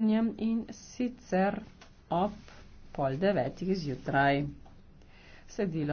zanimanjem in sicer ob pol devetih zjutraj sedilo.